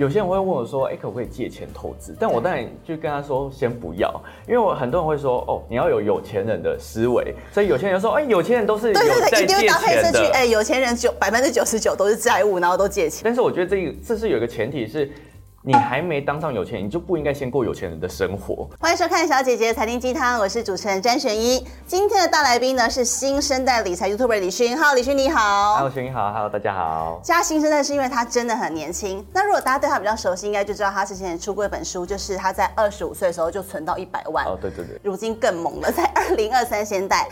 有些人會問我說：“哎、欸，可不可以借錢投資？”但我當然就跟他說：“先不要，因為我很多人會說，哦，你要有有錢人的思維。”所以有些人說：“哎、欸，有錢人都是有在借錢的，對對對，一定會搭配社區。哎、欸，有錢人九百分之九十九都是債務，然後都借錢。”但是我覺得這個這是有一個前提是。你還沒當上有錢人，你就不應該先過有錢人的生活。歡迎收看《小姐姐的財經雞湯》，我是主持人詹璇依。今天的大來賓呢是新生代理財 YouTuber 李勳。Hello，李勳你好。Hello，璇一好。Hello，大家好。加新生代是因為他真的很年輕。那如果大家對他比較熟悉，應該就知道他之前出過一本書，就是他在二十五歲的時候就存到一百萬。哦，oh, 對對對。如今更猛了，在二零二三，先代。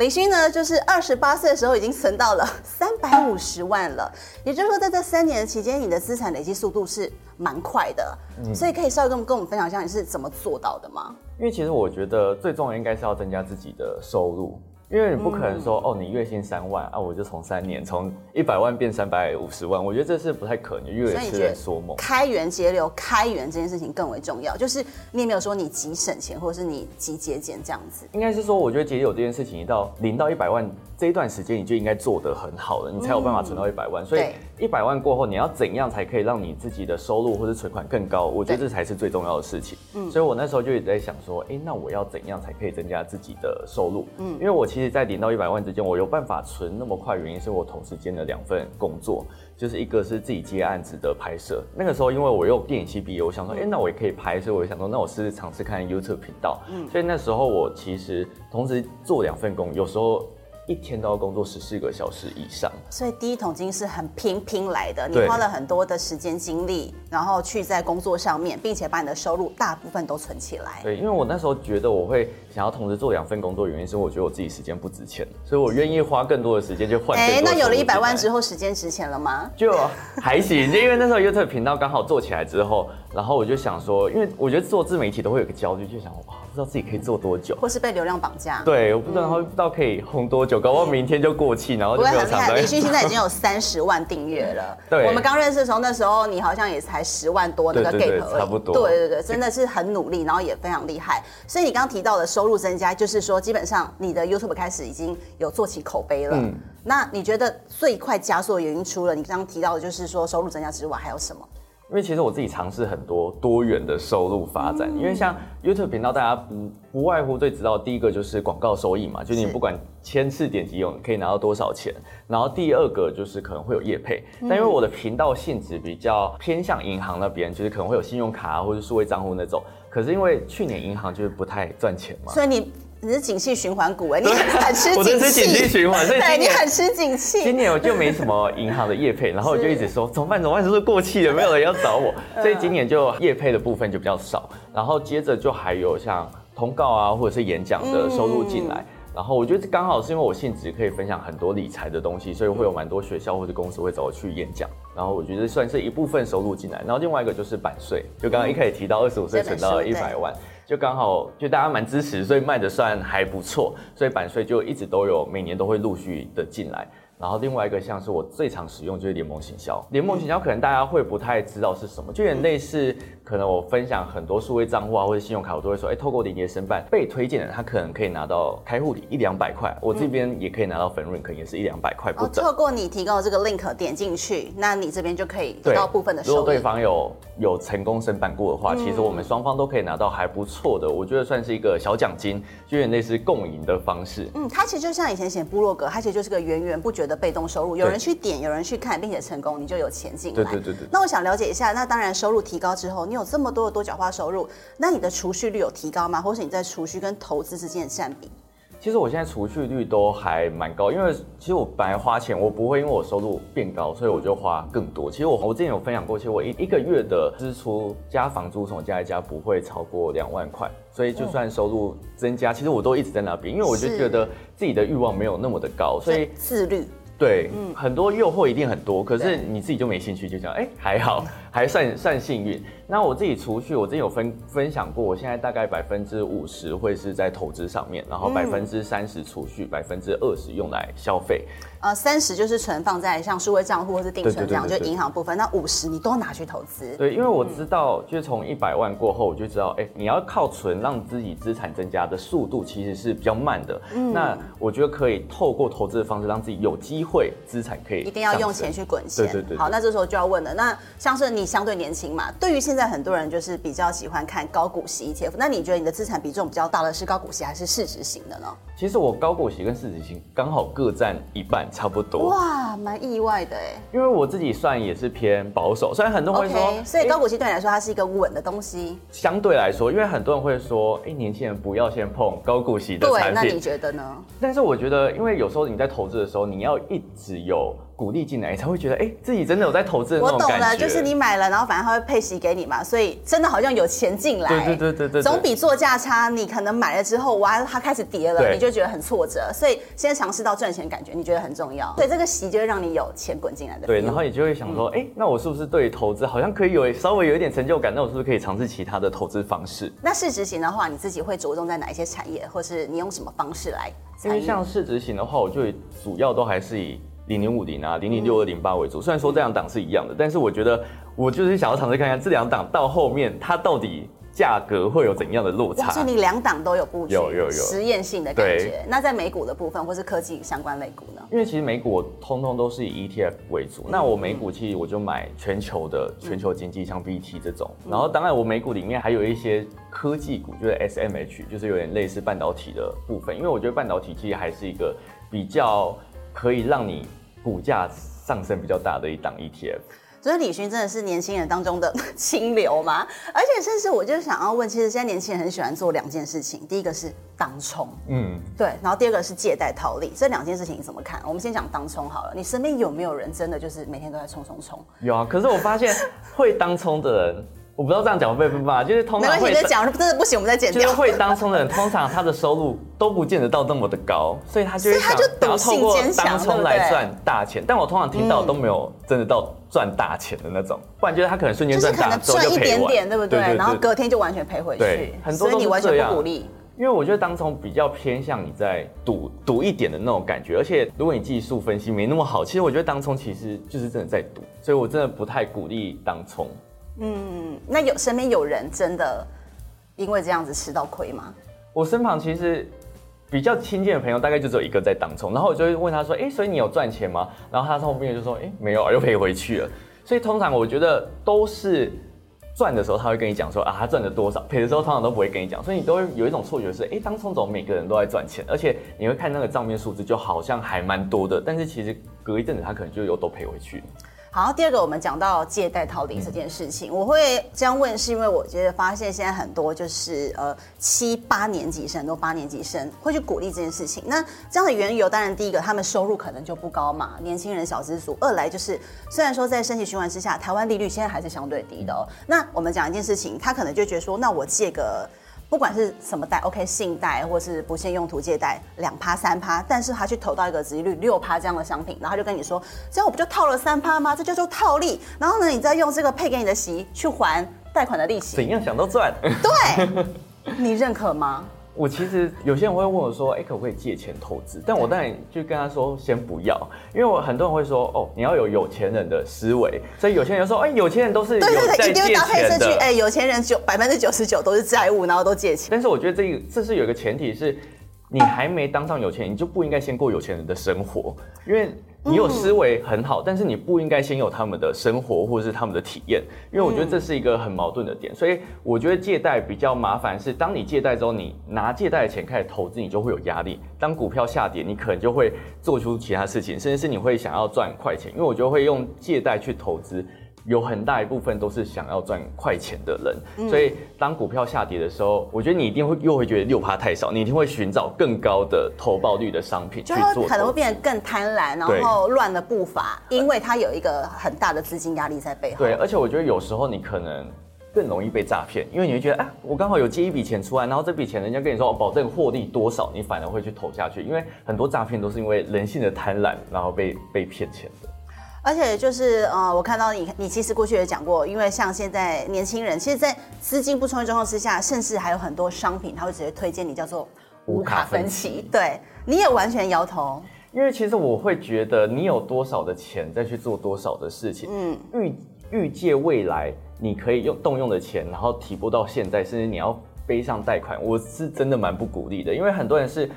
李勛呢，就是二十八歲的時候已經存到了三百五十萬了，也就是說，在這三年的期間，你的資產累積速度是蠻快的，嗯，所以可以稍微跟跟我們分享一下你是怎麼做到的嗎？因為其實我覺得最重要應該是要增加自己的收入。因為你不可能說、嗯、哦，你月薪三萬啊，我就從三年從一百萬變三百五十萬，我覺得這是不太可能，因為是在說夢，所以開源節流，開源這件事情更為重要，就是你也沒有說你急省錢或者是你急節儉這樣子。應該是說，我覺得節流這件事情一到，到零到一百萬這一段時間，你就應該做得很好了，你才有辦法存到一百萬。嗯、所以一百萬過後，你要怎樣才可以讓你自己的收入或者存款更高？我覺得這才是最重要的事情。嗯，所以我那時候就一直在想說，哎，那我要怎樣才可以增加自己的收入？嗯，因為我其實在零到一百萬之間，我有辦法存那麼快，原因是我同時兼了兩份工作，就是一個是自己接案子的拍攝。那個時候，因為我有電影系畢業，我想說，哎，那我也可以拍，所以我想說，那我試試嘗試看 YouTube 頻道。嗯，所以那時候我其實同時做兩份工，有時候。一天都要工作十四個小時以上，所以第一桶金是很拼拼來的。對你花了很多的時間精力，然後去在工作上面，並且把你的收入大部分都存起來。對，因為我那時候覺得我會想要同時做兩份工作，原因是我覺得我自己時間不值錢，所以我願意花更多的時間去換。哎、欸，那有了一百萬之後，時間值錢了嗎？就還行，就 因為那時候 YouTube 頻道剛好做起來之後，然後我就想說，因為我覺得做自媒體都會有一個焦慮，就想我。知道自己可以做多久，或是被流量綁架？對，嗯、我不知道，不知道可以紅多久，搞不好明天就過氣，然後就有。不會很厲害。李勛現在已經有三十萬訂閱了、嗯。對，我們剛認識的時候，那時候你好像也才十萬多那個 gate 差不多。對對對，真的是很努力，然後也非常厲害。所以你剛剛提到的收入增加，就是說基本上你的 YouTube 開始已經有做起口碑了。嗯、那你覺得最快加速的原因除了你剛剛提到的，就是說收入增加之外，還有什麼？因為其實我自己嘗試很多多元的收入發展，因為像 YouTube 頻道，大家不不外乎最知道第一個就是廣告收益嘛，就是你不管千次點擊用你可以拿到多少錢，然後第二個就是可能會有業配，但因為我的頻道性質比較偏向銀行那邊，就是可能會有信用卡啊或者數位賬戶那種，可是因為去年銀行就是不太賺錢嘛，所以你。你是景氣循環股，欸、你，很循環你很吃景氣。我真是景氣循環，對，你很吃景氣。今年我就沒什麼銀行的業配，然後我就一直說是怎麼辦？怎麼辦？是、就、不是過氣了？ 沒有人要找我？所以今年就業配的部分就比較少。然後接着就還有像通告啊，或者是演講的收入進來。嗯、然後我覺得剛好是因為我性質可以分享很多理財的東西，所以會有蠻多學校或者公司會找我去演講。然後我覺得算是一部分收入進來。然後另外一個就是版稅，就剛剛一開始提到二十五歲存到了一百萬。嗯就剛好，就大家蠻支持，所以賣的算還不錯，所以版稅就一直都有，每年都會陸續的進來。然後另外一個像是我最常使用就是聯盟行銷，聯盟行銷可能大家會不太知道是什麼，嗯、就有點類似，可能我分享很多數位賬戶啊，或者信用卡，我都會說，哎、欸，透過連結申辦，被推薦的他可能可以拿到開戶禮一兩百塊，嗯、我這邊也可以拿到分潤，可能也是一兩百塊不等。哦、透過你提供這個 link 點進去，那你這邊就可以得到部分的收入。如果對方有有成功申辦過的話，嗯、其實我們雙方都可以拿到還不錯的，我覺得算是一個小獎金，就有點類似共贏的方式。嗯，它其實就像以前寫部落格，它其實就是個源源不絕。的被動收入，有人去點，有人去看，並且成功，你就有錢進來。對對對對，對。那我想了解一下，那當然收入提高之後，你有這麼多的多角化收入，那你的儲蓄率有提高嗎？或是你在儲蓄跟投資之間的佔比？其實我現在儲蓄率都還蠻高，因為其實我本來花錢，我不會因為我收入變高，所以我就花更多。其實我我之前有分享過，其實我一一個月的支出加房租從加一加不會超過兩萬塊，所以就算收入增加，其實我都一直在那邊，因為我就覺得自己的慾望沒有那麼的高，所以自律。對，嗯，很多誘惑一定很多，可是你自己就沒興趣，對就想，哎，還好，還算算幸運。那我自己儲蓄，我之前有分分享過，我現在大概百分之五十會是在投資上面，然後百分之三十儲蓄，百分之二十用來消費。嗯、呃，三十就是存放在像數位賬戶或是定存這樣，對對對對對，就銀行部分。那五十你都要拿去投資？對，因為我知道，嗯、就是從一百萬過後，我就知道，哎、欸，你要靠存讓自己資產增加的速度其實是比較慢的。嗯、那我覺得可以透過投資的方式，讓自己有機會資產可以，一定要用錢去滾錢。對對，對對對。好，那這時候就要問了，那像是你相對年輕嘛，對於現在。現在很多人就是比較喜歡看高股息 ETF。那你覺得你的資產比重比較大的是高股息還是市值型的呢？其實我高股息跟市值型剛好各占一半，差不多。哇，蠻意外的哎。因為我自己算也是偏保守，雖然很多人會說，okay, 所以高股息對你來說它是一個穩的東西，欸。相對來說，因為很多人會說，哎、欸，年輕人不要先碰高股息的產品。對，那你覺得呢？但是我覺得，因為有時候你在投資的時候，你要一直有股利進來，才會覺得哎、欸，自己真的有在投資的那種感覺。就是你買了，然後反正他會配息給你嘛，所以真的好像有錢進來。對對對對，對，對總比做價差。你可能買了之後，哇，它開始跌了，對你就。就覺得很挫折，所以先嘗試到賺錢的感覺，你覺得很重要？對，這個息就會讓你有錢滾進來的。對，然後你就會想說，哎、嗯欸，那我是不是對投資好像可以有稍微有一點成就感？那我是不是可以嘗試其他的投資方式？那市值型的話，你自己會着重在哪一些產業，或是你用什麼方式來。像市值型的話，我就主要都還是以零零五零啊、零零六二零八為主。嗯、雖然說這兩檔是一樣的，但是我覺得我就是想要嘗試看看這兩檔到後面它到底。價格會有怎樣的落差？就是你兩檔都有布局，有有有實驗性的感覺。對那在美股的部分，或是科技相關類股呢？因為其實美股我通通都是以 ETF 為主，嗯、那我美股其實我就買全球的全球經濟，像 VT 這種。嗯、然後當然我美股裡面還有一些科技股，就是 SMH，就是有點類似半導體的部分。因為我覺得半導體其實還是一個比較可以讓你股價上升比較大的一檔 ETF。所以李勛真的是年輕人當中的清流嗎？而且甚至我就想要問，其實現在年輕人很喜歡做兩件事情，第一個是當沖，嗯，對，然後第二個是借貸套利，這兩件事情你怎麼看？我們先講當沖好了。你身邊有沒有人真的就是每天都在沖冲沖？有啊，可是我發現會當沖的人， 我不知道這樣講會不會被罵，就是通常會。沒關係，你再講，真的不行，我們再剪掉。就是會當沖的人， 通常他的收入都不見得到那麼的高，所以他就會想通過當沖來賺大錢。對對但我通常聽到都沒有真的到。賺大錢的那種，不然覺得他可能瞬間賺大，就是可能賺一點點，對不對？對對對對，然後隔天就完全賠回去，很多都是這樣。所以你完全不鼓勵？因為我覺得當沖比較偏向你在賭，賭一點的那種感覺，而且如果你技術分析沒那麼好，其實我覺得當沖其實就是真的在賭，所以我真的不太鼓勵當沖。嗯，那有身邊有人真的因為這樣子吃到虧嗎？我身旁其實。比較親近的朋友大概就只有一個在當沖，然後我就會問他說，哎、欸，所以你有賺錢嗎？然後他後面就說，哎、欸，沒有，又賠回去了。所以通常我覺得都是賺的時候他會跟你講說啊，他賺了多少，賠的時候通常都不會跟你講，所以你都會有一種錯覺是，哎、欸，當沖怎麼每個人都在賺錢？而且你會看那個賬面數字就好像還蠻多的，但是其實隔一陣子他可能就又都賠回去好，第二個我們講到借貸套利這件事情，嗯、我會這樣問，是因為我覺得發現現在很多就是呃七八年級生都八年級生會去鼓勵這件事情。那這樣的緣由，當然第一個他們收入可能就不高嘛，年輕人小資族；二來就是雖然說在升息循環之下，台灣利率現在還是相對低的，哦。嗯、那我們講一件事情，他可能就覺得說，那我借個。不管是什麼貸，OK，信貸或是不限用途借貸，兩趴三趴，但是他去投到一個殖利率六趴這樣的商品，然後就跟你說，這樣我不就套了三趴嗎？這叫做套利。然後呢，你再用這個配給你的息去還貸款的利息，怎樣想都賺。對，你認可嗎？我其實有些人會問我說：“哎，可不可以借錢投資？”但我當然就跟他說先不要，因為我很多人會說：“哦，你要有有錢人的思維。”所以有錢人說：“哎，有錢人都是有在借錢的。對，對”哎，有錢人九百分之九十九都是債務，然後都借錢。但是我覺得這個這是有一個前提是。你還沒當上有錢人，你就不應該先過有錢人的生活，因為你有思維很好，嗯、但是你不應該先有他們的生活或是他們的體驗，因為我覺得這是一個很矛盾的點。嗯、所以我覺得借貸比較麻煩，是當你借貸之後，你拿借貸的錢開始投資，你就會有壓力。當股票下跌，你可能就會做出其他事情，甚至是你會想要賺快錢，因為我覺得會用借貸去投資。有很大一部分都是想要賺快錢的人，嗯、所以當股票下跌的時候，我覺得你一定會又會覺得六趴太少，你一定會尋找更高的投報率的商品去做，就可能會變得更貪婪，然後亂了步伐，對因為他有一個很大的資金壓力在背後，嗯。對，而且我覺得有時候你可能更容易被詐騙，因為你會覺得哎、啊，我剛好有借一筆錢出來，然後這筆錢人家跟你說我保證獲利多少，你反而會去投下去，因為很多詐騙都是因為人性的貪婪，然後被被騙錢。而且就是呃，我看到你，你其實過去也講過，因為像現在年輕人，其實，在資金不充裕狀況之下，甚至還有很多商品，他會直接推薦你叫做無卡分期。分期。對，你也完全搖頭。因為其實我會覺得，你有多少的錢再去做多少的事情，嗯，預預借未來你可以用動用的錢，然後提撥到現在，甚至你要背上貸款，我是真的蠻不鼓勵的，因為很多人是。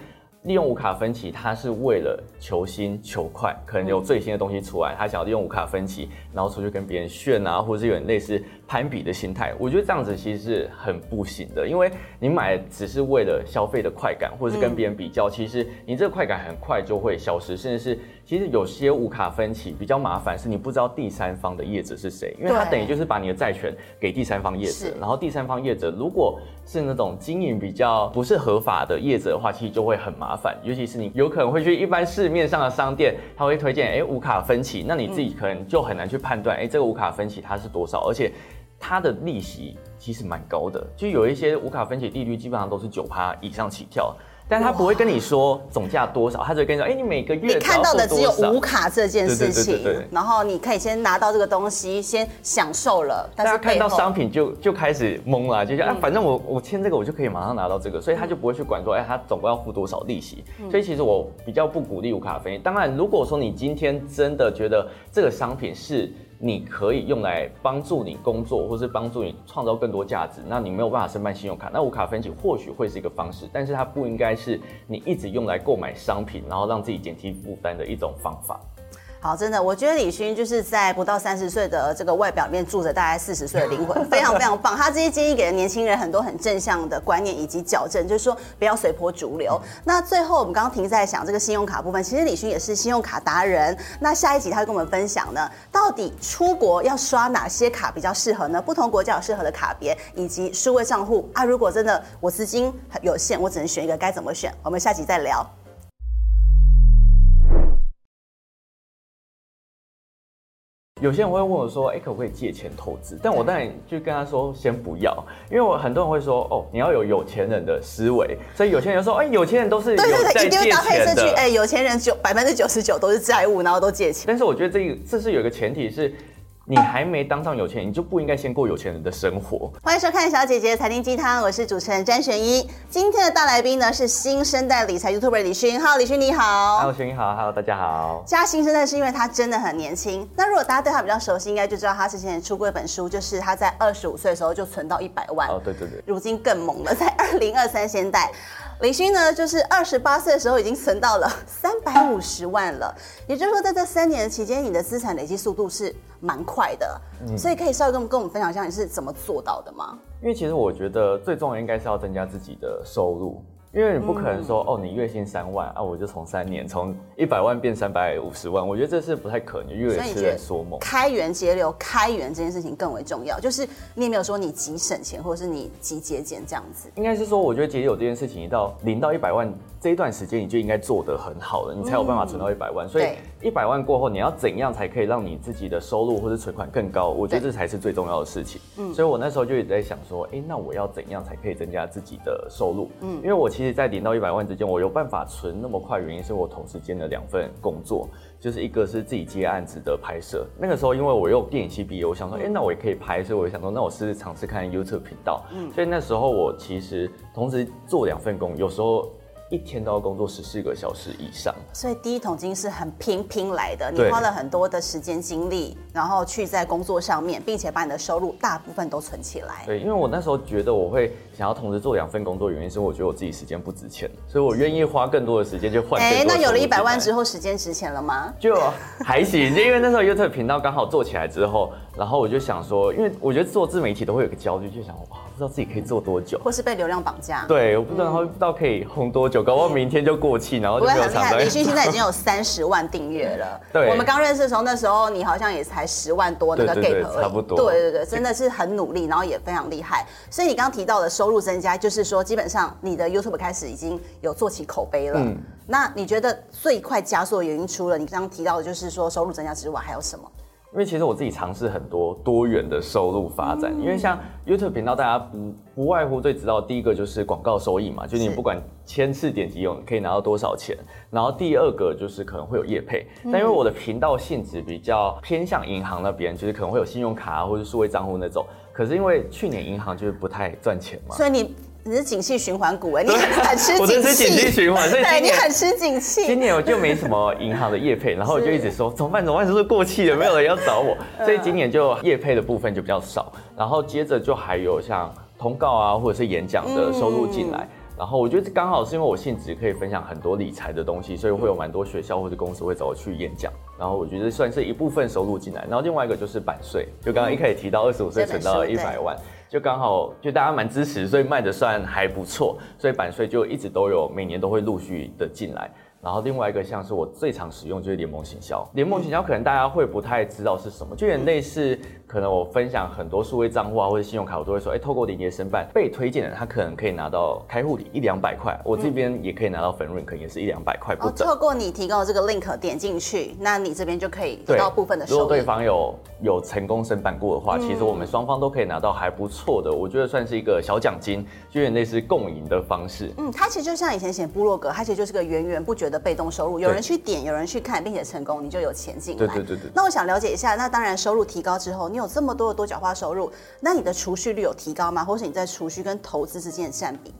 利用無卡分期，他是為了求新求快，可能有最新的東西出來，他想要利用無卡分期，然後出去跟別人炫啊，或者是有點類似攀比的心態。我覺得這樣子其實是很不行的，因為你買只是為了消費的快感，或者是跟別人比較，嗯、其實你這個快感很快就會消失，甚至是。其實有些無卡分期比較麻煩，是你不知道第三方的業者是誰，因為他等於就是把你的債權給第三方業者。對然後第三方業者如果是那種經營比較不是合法的業者的話，其實就會很麻煩。尤其是你有可能會去一般市面上的商店，他會推薦、嗯、哎無卡分期，那你自己可能就很難去判斷哎這個無卡分期它是多少，而且它的利息其實蠻高的，就有一些無卡分期利率基本上都是九趴以上起跳。但他不會跟你說總價多少，哇他只會跟你說，哎、欸，你每個月你看到的只有無卡這件事情，對對對對對，然後你可以先拿到這個東西，先享受了。但是大家看到商品就就開始懵了、啊，就想哎、嗯啊，反正我我簽這個我就可以馬上拿到這個，所以他就不會去管說，哎、欸，他總共要付多少利息。所以其實我比較不鼓勵無卡分期。當然，如果說你今天真的覺得這個商品是。你可以用來幫助你工作，或是幫助你創造更多價值，那你沒有辦法申辦信用卡，那無卡分期或許會是一個方式，但是它不應該是你一直用來購買商品，然後讓自己減輕負擔的一種方法。好，真的，我覺得李勳就是在不到三十歲的這個外表面，住着大概四十歲的靈魂，非常非常棒。他這些建議給了年輕人很多很正向的觀念以及矯正，就是說不要隨波逐流。嗯，那最後我們剛剛停在想這個信用卡部分，其實李勳也是信用卡達人。那下一集他會跟我們分享呢，到底出國要刷哪些卡比較適合呢？不同國家有適合的卡別以及數位賬戶啊。如果真的我資金有限，我只能選一個，該怎麼選？我們下集再聊。有些人會問我說：“哎、欸，可不可以借錢投資？”但我當然就跟他說：“先不要，因為我很多人會說，哦，你要有有錢人的思維。”所以有些人說：“哎、欸，有錢人都是有借錢的對對對，一定會搭配社區。哎、欸，有錢人九，百分之九十九都是債務，然後都借錢。”但是我覺得這個這是有一個前提是。你還沒當上有錢人，你就不應該先過有錢人的生活。歡迎收看《小姐姐的財經雞湯》，我是主持人詹選一詹璇依。今天的大來賓呢是新生代理財 YouTuber 李勳。Hello，李勳你好。Hello，璇依好。Hello，大家好。加新生代是因為他真的很年輕。那如果大家對他比較熟悉，應該就知道他之前出過一本書，就是他在二十五歲的時候就存到一百萬。哦，oh, 對對對。如今更猛了，在二零二三，現代。李勛呢，就是二十八歲的時候已經存到了三百五十萬了，也就是說，在這三年期間，你的資產累積速度是蠻快的，嗯，所以可以稍微跟跟我們分享一下你是怎麼做到的嗎？因為其實我覺得最重要應該是要增加自己的收入。因為你不可能說、嗯、哦，你月薪三萬啊，我就從三年從一百萬變三百五十萬，我覺得這是不太可能，因為是在說夢。開源節流，開源這件事情更為重要，就是你也沒有說你急省錢或者是你急節儉這樣子，應該是說，我覺得節流這件事情，一到零到一百萬。這一段時間你就應該做的很好了，你才有辦法存到一百萬。嗯、所以一百萬過後，你要怎樣才可以讓你自己的收入或者存款更高？對我覺得這才是最重要的事情。嗯，所以我那時候就一直在想說，哎、欸，那我要怎樣才可以增加自己的收入？嗯，因為我其實在零到一百萬之間，我有辦法存那麼快，原因是我同時兼了兩份工作，就是一個是自己接案子的拍攝。那個時候，因為我又電影系畢業，我想說，哎、嗯欸，那我也可以拍，所以我想說，那我試試嘗試嘗試看 YouTube 頻道。嗯，所以那時候我其實同時做兩份工，有時候。一天都要工作十四個小時以上，所以第一桶金是很拼拼來的。對你花了很多的時間精力，然後去在工作上面，並且把你的收入大部分都存起來。對，因為我那時候覺得我會想要同時做兩份工作，原因是我覺得我自己時間不值錢，所以我願意花更多的時間去換。哎、欸，那有了一百萬之後，時間值錢了嗎？就還行，就 因為那時候 YouTube 頻道剛好做起來之後。然後我就想說，因為我覺得做自媒體都會有個焦慮，就想哇，不知道自己可以做多久，或是被流量綁架。對，嗯、我不知道，然後不知道可以紅多久，搞不好明天就過氣，對然後就沒有。不過很厲害，李勛現在已經有三十萬訂閱了。嗯、對。我們剛認識的時候，那時候你好像也才十萬多那個 g a t e 對，差不多。對對對，真的是很努力，然後也非常厲害。所以你剛，剛提到的收入增加，就是說基本上你的 YouTube 開始已經有做起口碑了。嗯。那你覺得最快加速的原因出，除了你剛剛提到的就是說收入增加之外，還有什麼？因為其實我自己嘗試很多多元的收入發展，因為像 YouTube 頻道，大家不不外乎最知道第一個就是廣告收益嘛，就是你不管千次點擊用你可以拿到多少錢，然後第二個就是可能會有業配，但因為我的頻道性質比較偏向銀行那邊，就是可能會有信用卡啊，或者數位賬戶那種，可是因為去年銀行就是不太賺錢嘛，所以你。你是景氣循環股，你很吃景氣。我真是景氣循環，對，所以今年你很吃景氣。今年我就沒什麼銀行的業配，然後我就一直說是怎麼辦？怎麼辦？是不是過氣了？ 沒有人要找我？所以今年就業配的部分就比較少。然後接着就還有像通告啊，或者是演講的收入進來。嗯、然後我覺得剛好是因為我性質可以分享很多理財的東西，所以會有蠻多學校或者公司會找我去演講。然後我覺得算是一部分收入進來。然後另外一個就是版稅，就剛剛一開始提到二十五歲存到了一百萬。嗯就剛好，就大家蠻支持，所以賣的算還不錯，所以版稅就一直都有，每年都會陸續的進來。然後另外一個像是我最常使用就是聯盟行銷，聯盟行銷可能大家會不太知道是什麼，就有點類似。可能我分享很多數位賬戶啊，或者信用卡，我都會說，哎、欸，透過你的申辦，被推薦的他可能可以拿到開戶禮一兩百塊，嗯、我這邊也可以拿到分潤，可能也是一兩百塊不等、哦。透過你提供的這個 link 點進去，那你這邊就可以得到部分的收入。如果對方有有成功申辦過的話，其實我們雙方都可以拿到還不錯的，嗯、我覺得算是一個小獎金，就有點類似共贏的方式。嗯，它其實就像以前寫部落格，它其實就是個源源不絕的被動收入，有人去點，對有，人去有人去看，並且成功，你就有錢進來。對，對對對對。那我想了解一下，那當然收入提高之後，你有。有這麼多的多角化收入，那你的儲蓄率有提高嗎？或是你在儲蓄跟投資之間的佔比？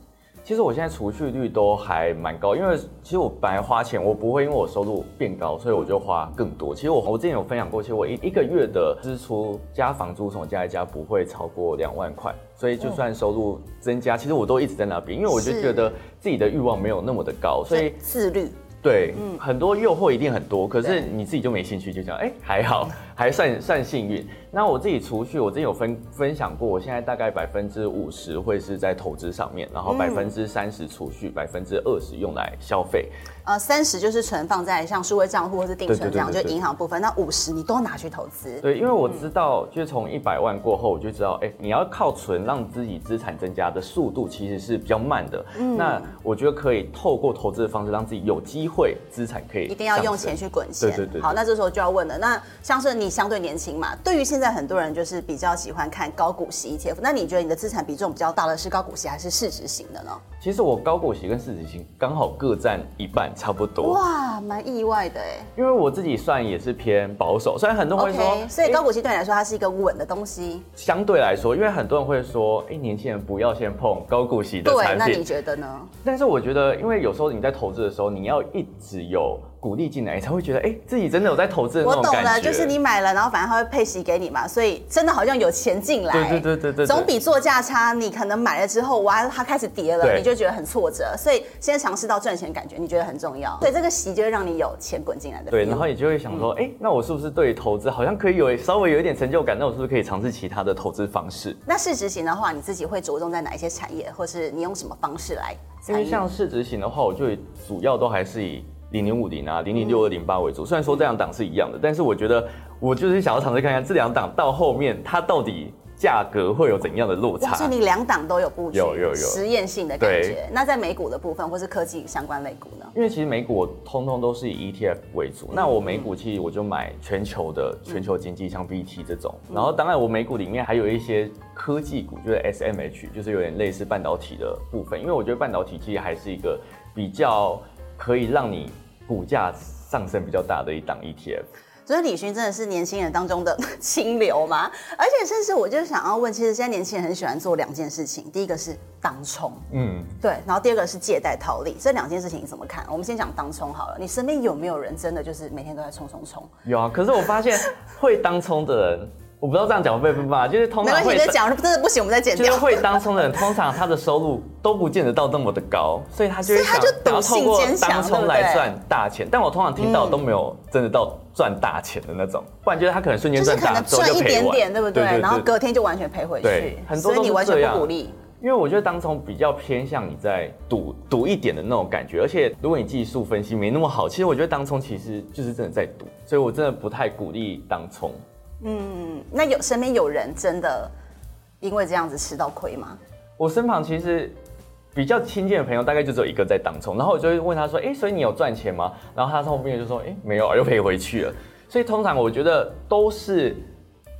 其實我現在儲蓄率都還蠻高，因為其實我本來花錢，我不會因為我收入變高，所以我就花更多。其實我我之前有分享過，其實我一一個月的支出加房租，從家一加不會超過兩萬塊，所以就算收入增加，嗯、其實我都一直在那邊，因為我就覺得自己的欲望沒有那麼的高，所以自律。對，嗯、很多誘惑一定很多，可是你自己就沒興趣，就想哎、欸、還好。嗯還算算幸運。那我自己儲蓄，我之前有分分享過，我現在大概百分之五十會是在投資上面，然後百分之三十儲蓄，百分之二十用來消費。呃，三十就是存放在像數位賬戶或是定存這樣，對對對對就銀行部分。那五十你都拿去投資？對，因為我知道，嗯、就是從一百萬過後，我就知道，哎、欸，你要靠存讓自己資產增加的速度其實是比較慢的。嗯、那我覺得可以透過投資的方式，讓自己有機會資產可以一定要用錢去滾錢。對對,對對對。好，那這時候就要問了，那像是你。你相對年輕嘛，對於現在很多人就是比較喜歡看高股息 ETF。那你覺得你的資產比重比較大的是高股息還是市值型的呢？其實我高股息跟市值型剛好各占一半，差不多。哇，蠻意外的哎。因為我自己算也是偏保守，雖然很多人會說，okay, 欸、所以高股息對你來說它是一個穩的東西。相對來說，因為很多人會說，哎、欸，年輕人不要先碰高股息的產品，對，那你覺得呢？但是我覺得，因為有時候你在投資的時候，你要一直有。鼓勵進來，才會覺得哎、欸，自己真的有在投資。我懂了，就是你買了，然後反正他會配息給你嘛，所以真的好像有錢進來。對，對對對對對。總比做價差，你可能買了之後哇，它開始跌了，對你就覺得很挫折。所以先嘗試到賺錢的感覺，你覺得很重要。對，對對這個息就會讓你有錢滾進來的。的。對，然後你就會想說，哎、嗯欸，那我是不是對投資好像可以有稍微有一點成就感？那我是不是可以嘗試其他的投資方式？那市值型的話，你自己會着重在哪一些產業，或是你用什麼方式來？因為像市值型的話，我就主要都還是以。零零五零啊，零零六二零八為主。嗯、雖然說這兩檔是一樣的，嗯、但是我覺得我就是想要嘗試看看這兩檔到後面它到底價格會有怎樣的落差。而且你兩檔都有布局，有有有實驗性的感覺。對那在美股的部分，或是科技相關類股呢？因為其實美股我通通都是以 ETF 為主。嗯、那我美股其實我就買全球的全球經濟，像 VT 這種。然後當然我美股裡面還有一些科技股，就是 SMH，就是有點類似半導體的部分。因為我覺得半導體其實還是一個比較可以讓你，股價上升比較大的一檔 ETF，所以李勳真的是年輕人當中的清流嗎？而且甚至我就想要問，其實現在年輕人很喜歡做兩件事情，第一個是當沖，嗯，對，然後第二個是借貸套利，這兩件事情你怎麼看？我們先講當沖好了，你身邊有沒有人真的就是每天都在衝冲衝？有啊，可是我發現會當沖的人。 我不知道這樣講會不會被罵？就是通常會講是真的不行，我們再剪掉。就是會當沖的人， 通常他的收入都不見得到那麼的高，所以他就會想通過當沖來賺大錢。對對，但我通常聽到都沒有真的到賺大錢的那種，嗯、不然覺得他可能瞬間賺大賺一點點，對不對？對對對對，然後隔天就完全賠回去，很多對你完全不鼓勵。因為我覺得當沖比較偏向你在賭賭一點的那種感覺，而且如果你技術分析沒那麼好，其實我覺得當沖其實就是真的在賭，所以我真的不太鼓勵當沖。嗯，那有身邊有人真的因為這樣子吃到虧嗎？我身旁其實比較親近的朋友大概就只有一個在當沖，然後我就會問他說：“哎、欸，所以你有賺錢嗎？”然後他後面就說：“哎、欸，沒有，又賠回去了。”所以通常我覺得都是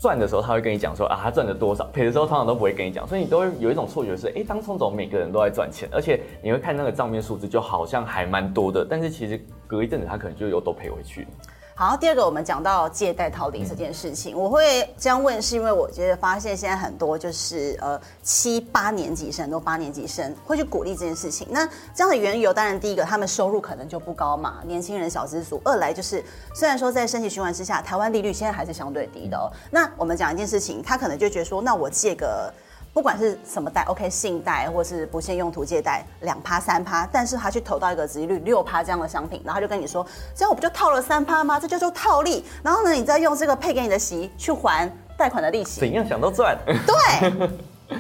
賺的時候他會跟你講說啊，他賺了多少；賠的時候通常都不會跟你講，所以你都會有一種錯覺是：哎、欸，當沖怎麼每個人都在賺錢，而且你會看那個賬面數字就好像還蠻多的，但是其實隔一陣子他可能就又都賠回去了。好，第二個我們講到借貸套利這件事情，嗯、我會這樣問，是因為我覺得發現現在很多就是呃七八年級生都八年級生會去鼓勵這件事情。那這樣的原因有，當然第一個他們收入可能就不高嘛，年輕人小資族；二來就是雖然說在升息循環之下，台灣利率現在還是相對低的、哦。嗯、那我們講一件事情，他可能就覺得說，那我借個。不管是什麼貸，OK，信貸或是不限用途借貸，兩趴三趴，但是他去投到一個殖利率六趴這樣的商品，然後就跟你說，這樣我不就套了三趴嗎？這叫做套利。然後呢，你再用這個配給你的息去還貸款的利息，怎樣想都賺。對，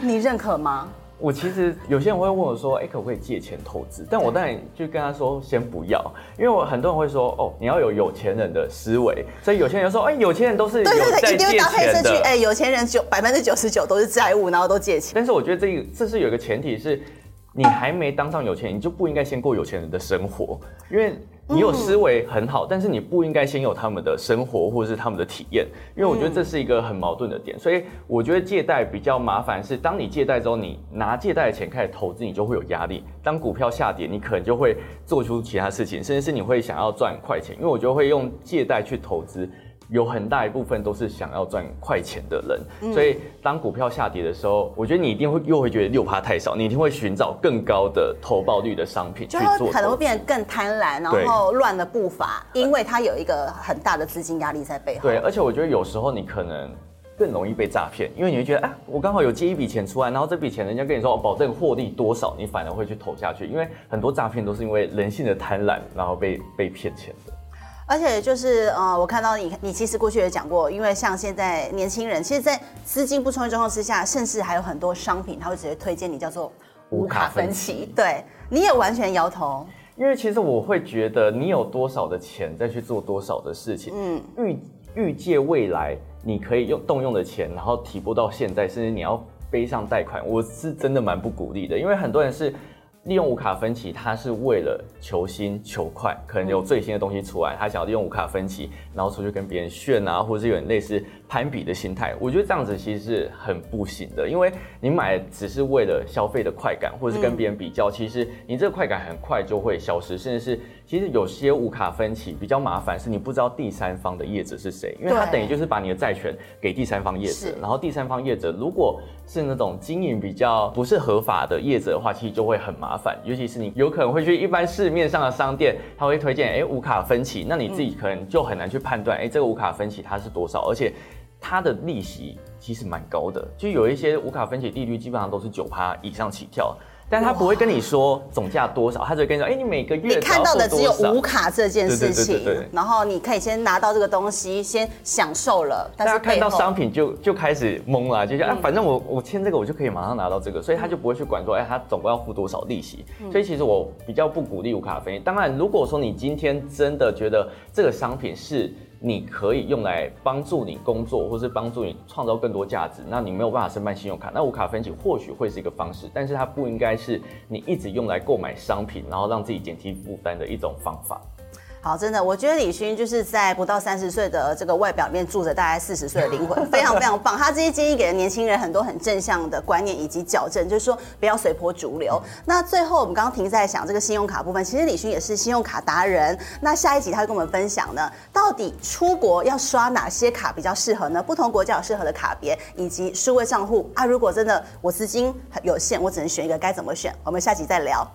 你認可嗎？我其實有些人會問我說：“哎，可不可以借錢投資？”但我當然就跟他說：“先不要，因為我很多人會說，哦，你要有有錢人的思維。所以有錢人說，哎，有錢人都是在借錢的。哎，有錢人九百分之九十九都是債務，然後都借錢。但是我覺得這個這是有一個前提是，你還沒當上有錢人，你就不應該先過有錢人的生活，因為，你有思維很好，嗯、但是你不應該先有他們的生活或者是他們的體驗，因為我覺得這是一個很矛盾的點。嗯、所以我覺得借貸比較麻煩是，當你借貸之後，你拿借貸的錢開始投資，你就會有壓力。當股票下跌，你可能就會做出其他事情，甚至是你會想要賺快錢，因為我就會用借貸去投資。有很大一部分都是想要賺快錢的人，嗯、所以當股票下跌的時候，我覺得你一定會又會覺得六趴太少，你一定會尋找更高的投報率的商品去做，就是說，可能會變得更貪婪，然後亂的步伐，對因為他有一個很大的資金壓力在背後、嗯。對，而且我覺得有時候你可能更容易被詐騙，因為你會覺得，啊、我剛好有借一筆錢出來，然後這筆錢人家跟你說我保證獲利多少，你反而會去投下去，因為很多詐騙都是因為人性的貪婪，然後被被騙錢的。而且就是呃，我看到你，你其實過去也講過，因為像現在年輕人，其實，在資金不充裕狀況之下，甚至還有很多商品，他會直接推薦你叫做無卡分期。分對，你也完全搖頭。因為其實我會覺得，你有多少的錢再去做多少的事情，嗯，預預借未來你可以用動用的錢，然後提撥到現在，甚至你要背上貸款，我是真的蠻不鼓勵的，因為很多人是。利用無卡分期，他是為了求新求快，可能有最新的東西出來，他想要利用無卡分期，然後出去跟別人炫啊，或者是有點類似攀比的心態。我覺得這樣子其實是很不行的，因為你買只是為了消費的快感，或者是跟別人比較，嗯、其實你這個快感很快就會消失，甚至是。其實有些無卡分期比較麻煩，是你不知道第三方的業者是誰，因為它等於就是把你的債權給第三方業者，對然後第三方業者如果是那種經營比較不是合法的業者的話，其實就會很麻煩。尤其是你有可能會去一般市面上的商店，他會推薦、嗯、哎無卡分期，那你自己可能就很難去判斷哎這個無卡分期它是多少，而且它的利息其實蠻高的，就有一些無卡分期利率基本上都是九趴以上起跳。但他不會跟你說總價多少，哇他就會跟你說，哎、欸，你每個月要付，你看到的只有無卡這件事情，然後你可以先拿到這個東西，先享受了。但是大家看到商品就就開始懵了、啊，就想，哎、嗯啊，反正我我簽這個，我就可以馬上拿到這個，所以他就不會去管說，哎、欸，他總共要付多少利息？所以其實我比較不鼓勵無卡分。當然，如果說你今天真的覺得這個商品是。你可以用來幫助你工作，或是幫助你創造更多價值。那你沒有辦法申辦信用卡，那無卡分期或許會是一個方式，但是它不應該是你一直用來購買商品，然後讓自己減輕負擔的一種方法。好，真的，我覺得李勳就是在不到三十歲的這個外表面，住着大概四十歲的靈魂，非常非常棒。他這些建議給了年輕人很多很正向的觀念以及矯正，就是說不要隨波逐流。嗯、那最後我們剛剛停在想這個信用卡部分，其實李勳也是信用卡達人。那下一集他會跟我們分享呢，到底出國要刷哪些卡比較適合呢？不同國家有適合的卡別以及數位賬戶啊。如果真的我資金有限，我只能選一個，該怎麼選？我們下集再聊。